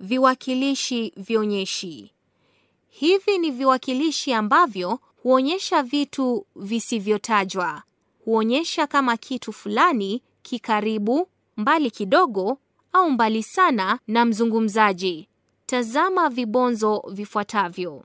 Viwakilishi vionyeshi. Hivi ni viwakilishi ambavyo huonyesha vitu visivyotajwa. Huonyesha kama kitu fulani kikaribu mbali kidogo au mbali sana na mzungumzaji. Tazama vibonzo vifuatavyo.